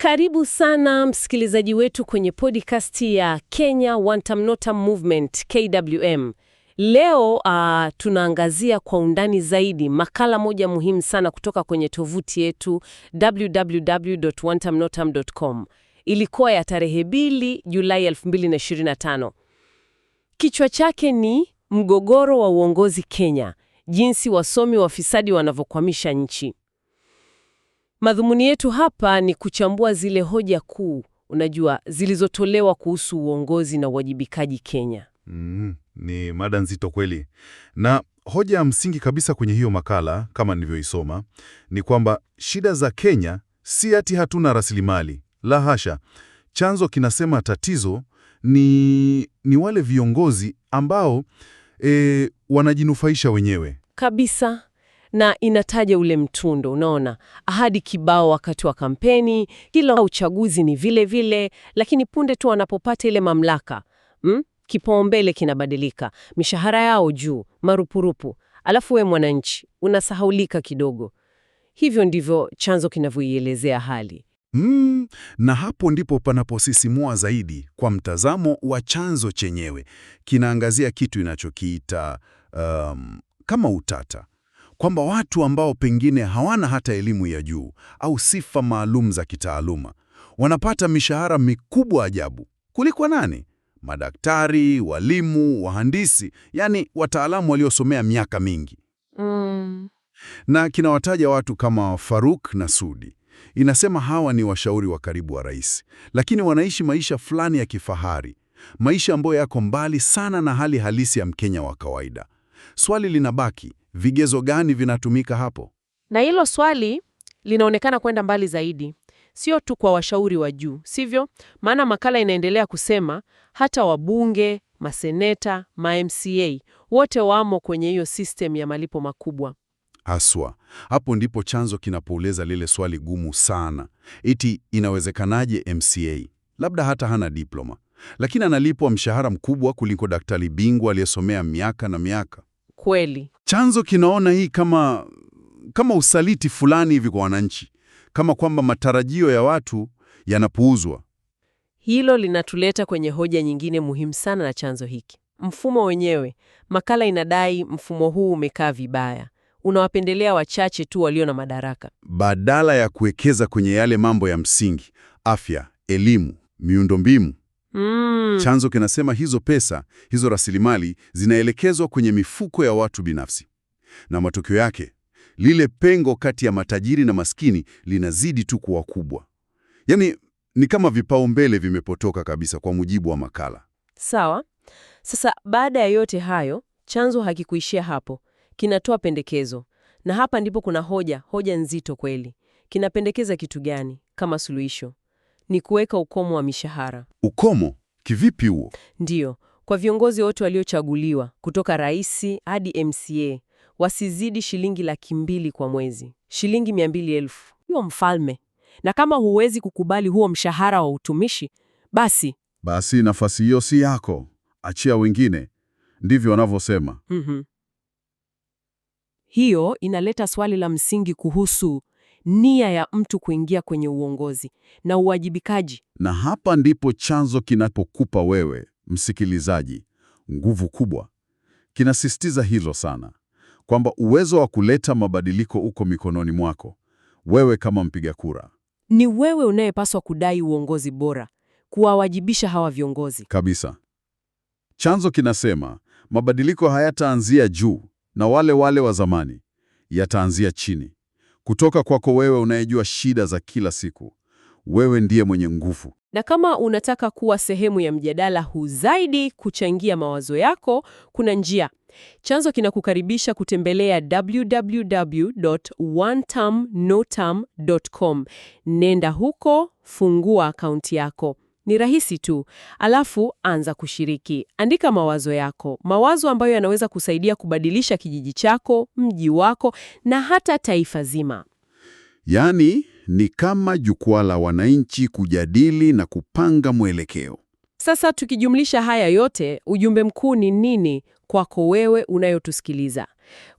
Karibu sana msikilizaji wetu kwenye podcasti ya Kenya Notam Movement KWM. Leo uh, tunaangazia kwa undani zaidi makala moja muhimu sana kutoka kwenye tovuti yetu www.wantamnotam.com. Ilikuwa ya tarehe 2 Julai 2025. Kichwa chake ni mgogoro wa uongozi Kenya, jinsi wasomi wafisadi wanavyokwamisha nchi. Madhumuni yetu hapa ni kuchambua zile hoja kuu, unajua, zilizotolewa kuhusu uongozi na uwajibikaji Kenya. Mm, ni mada nzito kweli, na hoja ya msingi kabisa kwenye hiyo makala kama nilivyoisoma ni kwamba shida za Kenya si ati hatuna rasilimali, la hasha. Chanzo kinasema tatizo ni, ni wale viongozi ambao e, wanajinufaisha wenyewe kabisa na inataja ule mtundo, unaona, ahadi kibao wakati wa kampeni, kila uchaguzi ni vile vile, lakini punde tu wanapopata ile mamlaka mm, kipaumbele kinabadilika, mishahara yao juu, marupurupu, alafu we mwananchi unasahaulika kidogo. Hivyo ndivyo chanzo kinavyoielezea hali. Mm, na hapo ndipo panaposisimua zaidi kwa mtazamo wa chanzo chenyewe. Kinaangazia kitu inachokiita um, kama utata kwamba watu ambao pengine hawana hata elimu ya juu au sifa maalum za kitaaluma wanapata mishahara mikubwa ajabu kuliko nani? Madaktari, walimu, wahandisi, yani wataalamu waliosomea miaka mingi mm. Na kinawataja watu kama Faruk na Sudi. Inasema hawa ni washauri wa karibu wa rais, lakini wanaishi maisha fulani ya kifahari, maisha ambayo yako mbali sana na hali halisi ya Mkenya wa kawaida. Swali linabaki, vigezo gani vinatumika hapo? Na hilo swali linaonekana kwenda mbali zaidi, sio tu kwa washauri wa juu, sivyo? Maana makala inaendelea kusema hata wabunge, maseneta, ma MCA wote wamo kwenye hiyo system ya malipo makubwa. Haswa hapo ndipo chanzo kinapouliza lile swali gumu sana, iti inawezekanaje MCA labda hata hana diploma, lakini analipwa mshahara mkubwa kuliko daktari bingwa aliyesomea miaka na miaka? kweli. Chanzo kinaona hii kama kama usaliti fulani hivi kwa wananchi, kama kwamba matarajio ya watu yanapuuzwa. Hilo linatuleta kwenye hoja nyingine muhimu sana na chanzo hiki, mfumo wenyewe. Makala inadai mfumo huu umekaa vibaya, unawapendelea wachache tu walio na madaraka, badala ya kuwekeza kwenye yale mambo ya msingi: afya, elimu, miundombinu. Mm. Chanzo kinasema hizo pesa, hizo rasilimali zinaelekezwa kwenye mifuko ya watu binafsi. Na matokeo yake, lile pengo kati ya matajiri na maskini linazidi tu kuwa kubwa. Yaani ni kama vipaumbele vimepotoka kabisa kwa mujibu wa makala. Sawa. Sasa baada ya yote hayo, chanzo hakikuishia hapo. Kinatoa pendekezo. Na hapa ndipo kuna hoja, hoja nzito kweli. Kinapendekeza kitu gani kama suluhisho? ni kuweka ukomo wa mishahara. Ukomo kivipi huo? Ndiyo, kwa viongozi wote waliochaguliwa kutoka rais hadi MCA wasizidi shilingi laki mbili kwa mwezi, shilingi mia mbili elfu hiyo mfalme. Na kama huwezi kukubali huo mshahara wa utumishi, basi basi nafasi hiyo si yako, achia wengine. Ndivyo wanavyosema. mm -hmm. Hiyo inaleta swali la msingi kuhusu nia ya mtu kuingia kwenye uongozi na uwajibikaji. Na hapa ndipo chanzo kinapokupa wewe msikilizaji nguvu kubwa. Kinasisitiza hilo sana, kwamba uwezo wa kuleta mabadiliko uko mikononi mwako, wewe kama mpiga kura. Ni wewe unayepaswa kudai uongozi bora, kuwawajibisha hawa viongozi kabisa. Chanzo kinasema mabadiliko hayataanzia juu na wale wale wa zamani, yataanzia chini kutoka kwako wewe unayejua shida za kila siku. Wewe ndiye mwenye nguvu. Na kama unataka kuwa sehemu ya mjadala huu zaidi, kuchangia mawazo yako, kuna njia. Chanzo kinakukaribisha kutembelea www.onetermnoterm.com. Nenda huko, fungua akaunti yako. Ni rahisi tu, alafu anza kushiriki. Andika mawazo yako, mawazo ambayo yanaweza kusaidia kubadilisha kijiji chako, mji wako na hata taifa zima. Yaani ni kama jukwaa la wananchi kujadili na kupanga mwelekeo. Sasa tukijumlisha haya yote, ujumbe mkuu ni nini kwako wewe unayotusikiliza?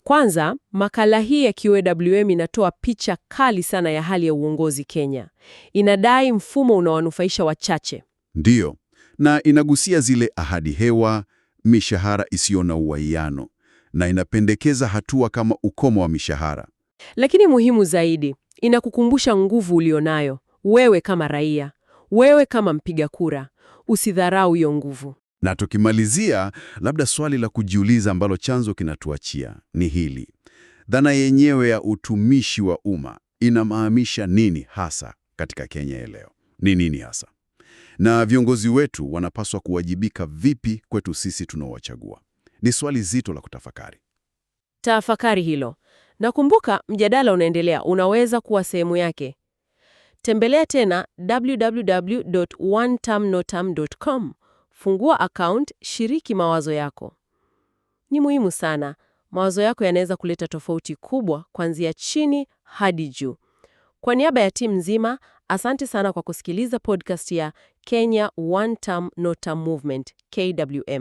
Kwanza, makala hii ya QAWM inatoa picha kali sana ya hali ya uongozi Kenya. Inadai mfumo unawanufaisha wachache. Ndiyo, na inagusia zile ahadi hewa, mishahara isiyo na uwiano, na inapendekeza hatua kama ukomo wa mishahara. Lakini muhimu zaidi, inakukumbusha nguvu ulionayo wewe kama raia, wewe kama mpiga kura. Usidharau hiyo nguvu. Na tukimalizia, labda swali la kujiuliza ambalo chanzo kinatuachia ni hili: dhana yenyewe ya utumishi wa umma inamaanisha nini hasa katika Kenya ya leo? Ni nini hasa, na viongozi wetu wanapaswa kuwajibika vipi kwetu sisi tunaowachagua? Ni swali zito la kutafakari. Tafakari hilo, nakumbuka mjadala unaendelea. Unaweza kuwa sehemu yake. Tembelea tena www.onetermnoterm.com Fungua account, shiriki mawazo yako. Ni muhimu sana. Mawazo yako yanaweza kuleta tofauti kubwa kuanzia chini hadi juu. Kwa niaba ya timu nzima, asante sana kwa kusikiliza podcast ya Kenya One Term No Term Movement, KWM.